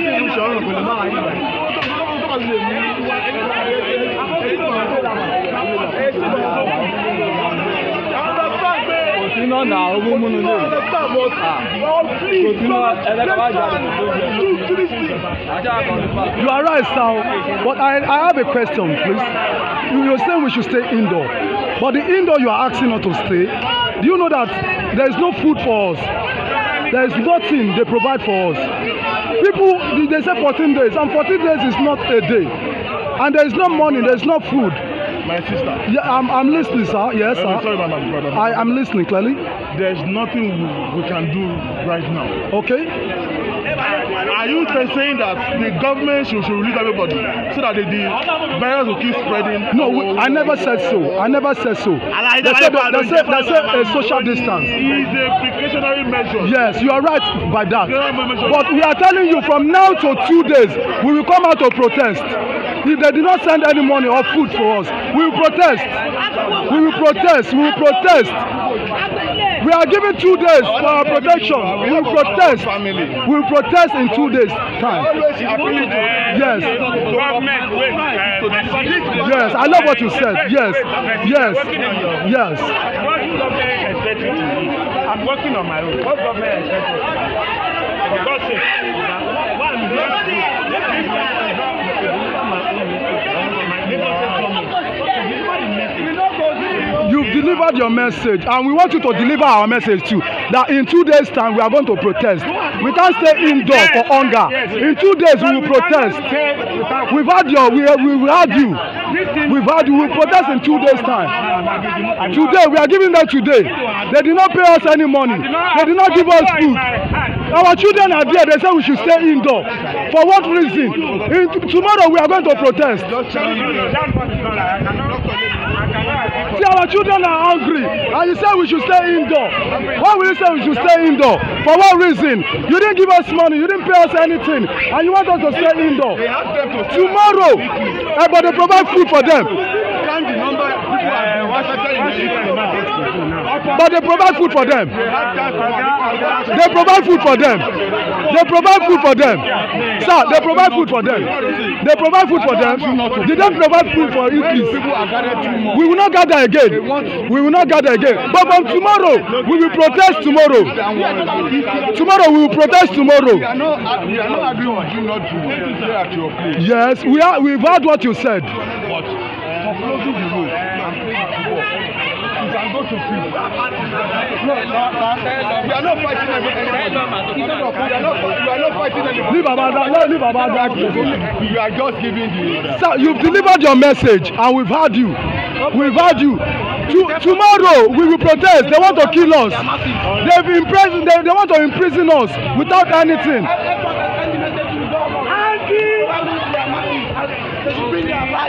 àti ìlú sọ̀rọ̀ pẹ̀lú máa yí rẹ̀. náà nà owó múnú lé o náà ẹlẹ́kọ̀ọ́ àjà àjà you are right sir but I, I have a question please you were saying we should stay indoor but the indoor you are asking us to stay do you know that there is no food for us there is nothing they provide for us people they say 14 days, and 14 days is not a day. And there is no money, there is no food. My sister. Yeah, I'm, I'm listening, sir. Yes, sir. Sorry, madam, brother. I am listening clearly. There's nothing we, we can do right now. Okay. Are you saying that the government should, should release everybody so that the, the virus will keep spreading? No, we, I never said so. I never said so. they said they said they said a social distance. Is a precautionary measure. Yes, you are right by that. But we are telling you from now to two days, we will come out to protest. If they did not send any money or food for us, we will protest. We will protest. We will protest. We are given two days for our protection. We will protest. We will protest in two days' time. Yes. Yes, I love what you said. Yes. Yes. Yes. I'm working on my own. What government expects? Because eh, one. delivered your message and we want you to deliver our message too that in two days time we are going to protest we can't stay indoor for hunger in two days we will protest we've had your we we've had you we've had you we will protest in two days time today we are giving them today they did not pay us any money they did not give us food our children are there they say we should stay indoor for what reason in tomorrow we are going to protest children are hungry and you say we should stay indoor why will you say we should stay indoor for what reason you didn't give us money you didn't pay us anything and you want us to stay indoor tomorrow i go provide food for them But they provide food for them. They provide food for them. They provide food for them. Sir, they provide food for them. They provide food for them. Did they provide food for you, please? We will not gather again. We will not gather again. But from tomorrow, we will protest tomorrow. Tomorrow, we will protest tomorrow. We we are Yes, we are, we've heard what you said can go to prison. No, you are not fighting anybody. You are not fighting anybody. Leave Abada, no, leave Abada. You are just giving the. Sir, you've delivered your message and we've heard you. We've heard you. To, tomorrow we will protest they want to kill us they've imprisoned they, they want to imprison us without anything to